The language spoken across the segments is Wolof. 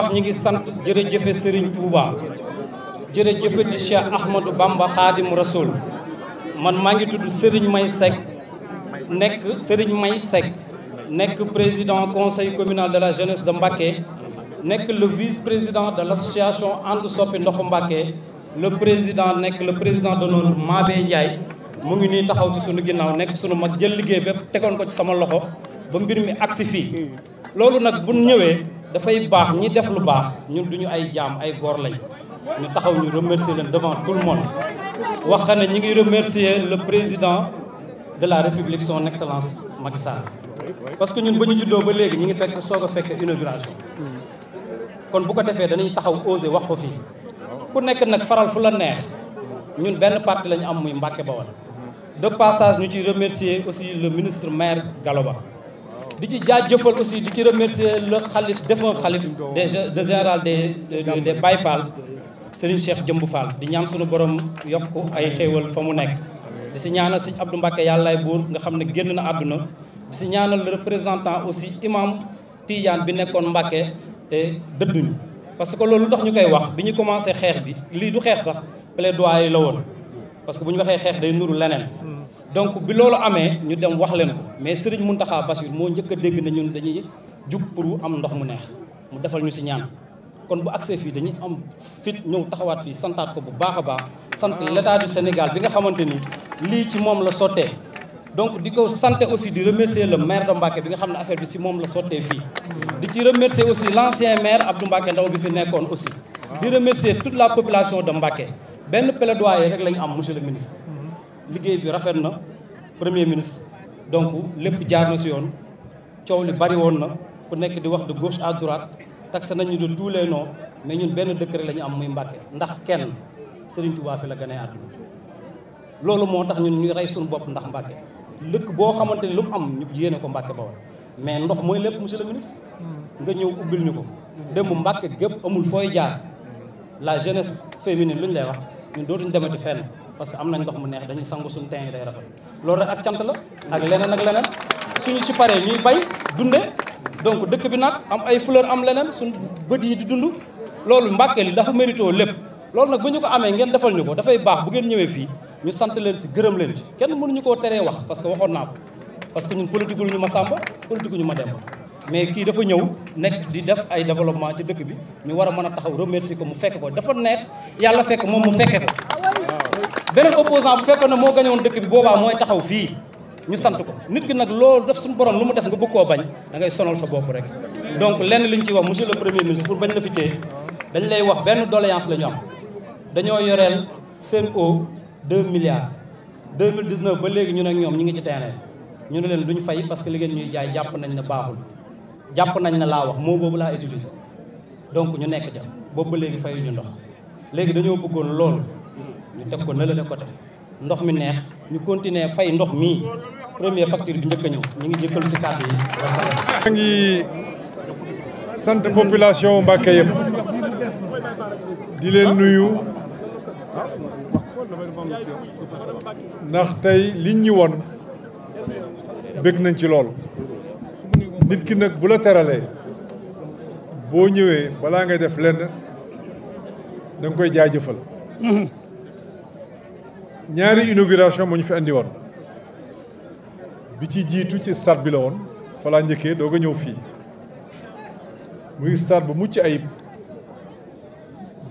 wax ñi ngi sant jërëjëfe Serigne Touba jërëjëfati Cheikh Ahmadou Bamba Khadim Rasoul man maa ngi tudd Serigne May Seck nekk sëriñ May Seck nekk président conseil communal de la jeunesse de Mbacké nekk le vice-président de l'association And Soppi Ndoxu Mbacké le président nekk le président de d'honneur Mabé Ndiaye mu ngi nii taxaw ci sunu ginnaaw nekk sunu mag jël liggéey bépp tegoon ko ci sama loxo ba mbir mi agsi fii loolu nag bu ñëwee dafay baax ñi def lu baax ñun duñu ay jaam ay góor lañ ñu taxaw ñu remercier leen devant tout le monde wax ne ñi ngi remercier le président de la république son excellence Macky Sall parce que ñun ba ñu juddoo ba léegi ñi ngi fekk soog a fekk inauguration kon bu ko defee danañ taxaw osé wax ko fii ku nekk nag faral fu la neex ñun benn parti lañu am muy Mbàkke Bawol de passage ñu ciy remercier aussi le ministre maire Galoba di ci jaajëfal aussi di ci remercier le xalif défunt xalif des de général des des Baye Fall Serigne Cheikh Jëmb Fall di ñaan suñu borom yokk ay xéewal fa mu nekk di si ñaanal sëñ abdu Mbacke yàllaay buur nga xam ne génn na àdduna di si ñaanal représentant aussi imam Tidiane bi nekkoon Mbacke te dëdduñu parce que loolu lu tax ñu koy wax bi ñu commencé xeex bi lii du xeex sax plaidoyer la woon parce que bu ñu waxee xeex day nuru leneen donc bi loolu amee ñu dem wax leen ko mais Serigne Mountakha Bassir moo njëkk a dégg na ñun dañuy jug pour am ndox mu neex mu defal ñu si ñaan kon bu accès fii dañuy am fit ñëw taxawaat fii santaat ko bu baax a baax sant l'état du Sénégal bi nga xamante ni lii ci moom la sottee donc di ko santé aussi di remercier le maire de Mbacké bi nga xam ne affaire bi si moom la sottee fii di ci remercier aussi l'ancien maire Abdou Mbacké Ndaw bi fi nekkoon aussi remercier toute la population de Mbacké benn plaidoyer rek la ñu am monsieur le ministre liggéey bi rafet na premier ministre donc lépp jaar na si yoon coow li bari woon na ku nekk di wax de gauche à droite taxe nañu de tous les noms mais ñun benn décret la ñu am muy Mbàkke ndax kenn Serigne Touba la gënee àdduna loolu moo tax ñun ñuy rey suñu bopp ndax Mbàkke lëkk boo xamante ni lu mu am ñu yéene ko Mbàkke Bawol mais ndox mooy lépp monsieur le ministre hmm. nga ñëw ubbil ñu ko démb Mbàkke gépp amul fooy jaar la jeunesse féminine lu ñu lay wax ñun dootuñ demati fenn parce que am nañ ndox mu neex dañuy sangu suñu teen yi day rafet loolu rek ak cant la ak leneen ak leneen suñu si paree ñuy bay dunde donc dëkk bi nag am ay fleur am leneen suñu bët yi di dund loolu Mbàkke li dafa mérito lépp loolu nag bu ñu ko amee ngeen defal ñu ko dafay baax bu ngeen ñëwee fii ñu sant leen si gërëm leen ci kenn mënuñu koo teree wax parce que waxoon naa ko parce que ñun politique ñu ma sàmba politique ñu ma dem mais kii dafa ñëw nekk di def ay développement ci dëkk bi ñu war a mën a taxaw remercier ko mu fekk ko dafa neex yàlla fekk moom mu fekke beneen opposant bu fekkoon ne moo gañe woon dëkk boobaa mooy taxaw fii ñu sant ko nit ki nag loolu def suñu borom lu mu def nga bëgg koo bañ da ngay sonal sa bopp rek donc lenn li ñu ciy wax monsieur le premier ministre pour bañ la fi téye lay wax benn doléance la ñu am dañoo yoreel Sen'Eau 2 milliards 2019 ba léegi ñu ak ñoom ñu ngi ci terrain ñu ne leen duñ fay parce que li ngeen ñuy jaay jàpp nañ ne baaxul jàpp nañ ne laa wax moo boobu laa utiliser donc ñu nekk ca boobu ba léegi ñu ndox léegi dañoo bëggoon lool ñu teg ko ko côté ndox mi neex ñu continuer fay ndox mii première facture bi njëkk ñëw ñu ngi jëkkal si kàddu yi maa ngi sant population Mbacké yëpp di leen nuyu ndax tey liñ ñu won bëgg nañ ci lool nit ki nag bu la teralee boo ñëwee balaa ngay def lenn da nga koy jaajëfal ñaari inauguration moo ñu fi andi woon bi ci jiitu ci stade bi la woon fa njëkkee doog a ñëw fii muy stade bu mucc ayib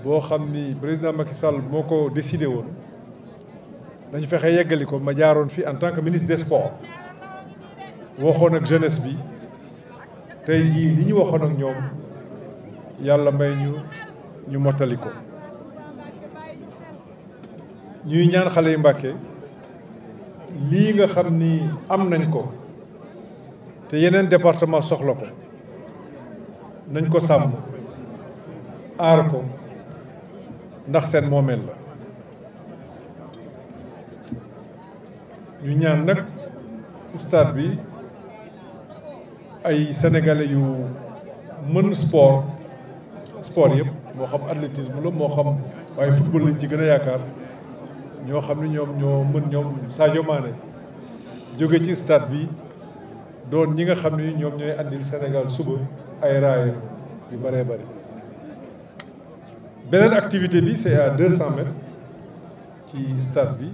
boo xam ni président Macky Sall moo ko décidé woon dañu fexe yeggali ko ma jaaroon fii en tant que ministre des sports waxoon ak jeunesse bi tey jii li ñu waxoon ak ñoom yàlla may ñu ñu mottali ko. ñuy ñaan xale yu Mbàkke lii nga xam ni am nañ ko te yeneen département soxla ko nañ ko sàmm aar ko ndax seen moomeel la ñu ñaan nag stade bi ay sénégalais yu mën sport sport yëpp moo xam athlétisme la moo xam waaye football lañ ci gën a yaakaar ñoo xam ne ñoom ñoo mën ñoom Sadio jóge ci stade bi doon ñi nga xam ne ñoom ñooy andil Sénégal suba ay raaya yu bëree bëri. beneen activité bi c'est à deux cent ci stade bi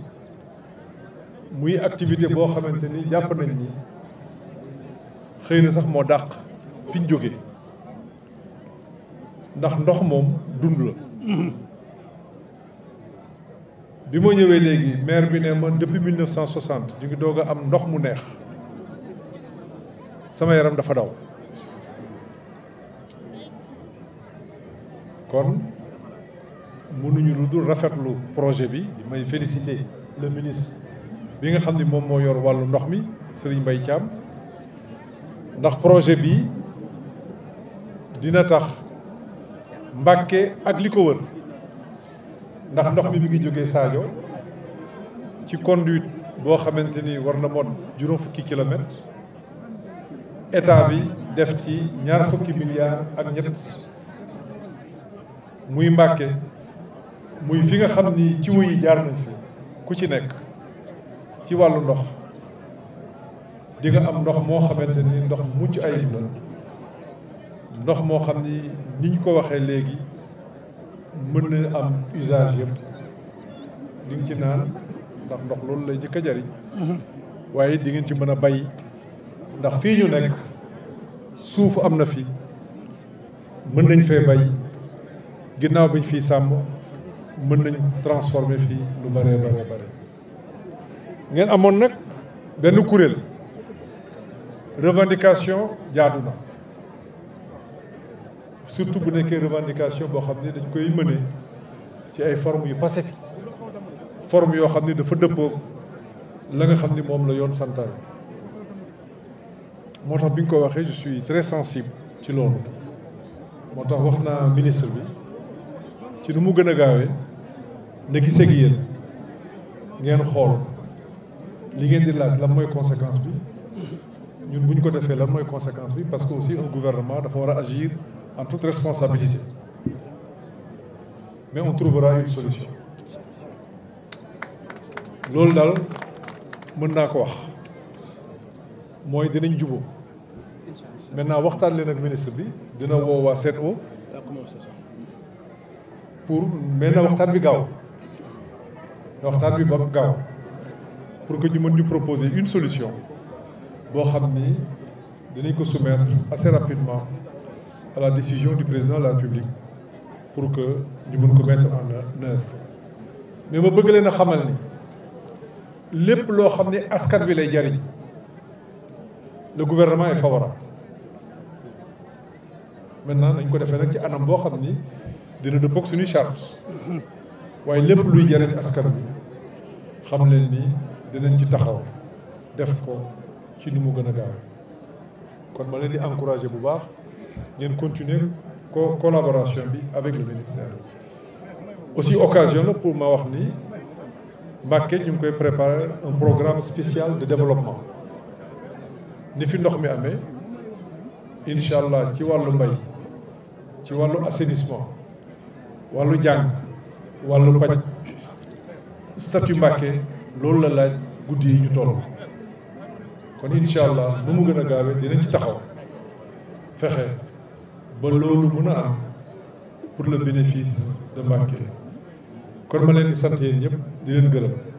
muy activité boo xamante ni jàpp nañ ni xëy na sax moo dàq fi jóge ndax ndox moom dund la. bi ma ñëwee léegi maire bi ne ma depuis 1960 ñu ngi doog am ndox mu neex sama yaram dafa daw kon mënuñu lu dul rafetlu projet bi may félicité le ministre bi nga xam ni moom moo yor wàllu ndox mi Serigne bay Thiam ndax projet bi dina tax Mbàkke ak li ko wër ndax ndox mi mi ngi jógee Sadio ci conduite boo xamante ni war na mot juróom fukki kilomètre état bi def ci ñaar fukki milliards ak ñett muy Mbàkke muy fi nga xam ni ci yi jaar nañ fi ku ci nekk ci wàllu ndox di am ndox moo xamante ni ndox mucc ayib la ndox moo xam ni niñ ko waxee léegi mën na am usage yëpp di nga ci naan ndax ndox loolu lay jëkk a jariñ waaye di ngeen ci mën a bay ndax fii ñu nekk suuf am na fii mën nañ fee bay ginnaaw biñ fii sàmm mën nañ transformer fii lu bëree bare bëri ngeen amoon nag benn kuréel revendication jaadu na surtout bu nekkee revendication boo xam ne dañ koy mëne ci ay formes yu pacifique forme yoo xam ne dafa dëppoo la nga xam ni moom la yoon santaane moo tax bi nga ko waxee je suis très sensible ci loolu moo tax wax naa ministre bi ci nu mu gën a gaawee na gisee ak yéen ngeen xool li ngeen di laaj lan mooy conséquence bi ñun bu ñu ko defee la mooy conséquence bi parce que aussi un gouvernement dafa war a agir en tout responsabilité. Mais on trouvera une solution. loolu daal mën naa ko wax mooy dinañ juboo maintenant waxtaan leen ak ministre bi dina woo waa CNO pour mais na waxtaan bi gaaw waxtaan bi ba gaaw pour que ñu mën ñu proposer une solution boo xam ni dinañ ko soumettre assez rapidement à la décision du président de la République pour que ñu mën ko mettre en œuvre mais ma bëgg leen a xamal ni lépp loo xam ne askan bi lay jariñ le gouvernement est favorable maintenant nañ ko defee nag ci anam boo xam ni dina dëppoo ak suñuy charte waaye lépp luy jariñ askar bi xam leen ni dinañ ci taxaw def ko ci ni mu gën a gaaw kon ma leen di encourager bu baax ngeen continuer ko collaboration bi avec le ministère aussi occasion la pour ma wax ni Mbàkke ñu ngi koy préparer un programme spécial de développement ni fi ndox mi amee incha allah ci wàllu mbay ci wàllu assainissement wàllu jàng wàllu paj statut Mbàkke loolu la laaj guddi yi ñu toll kon incha allah nu mu gën a gaawee dinañ ci taxaw fexe ba loolu mun a am pour le bénéfice de Mbacké kon ma leen di sant yéen ñëpp di leen gërëm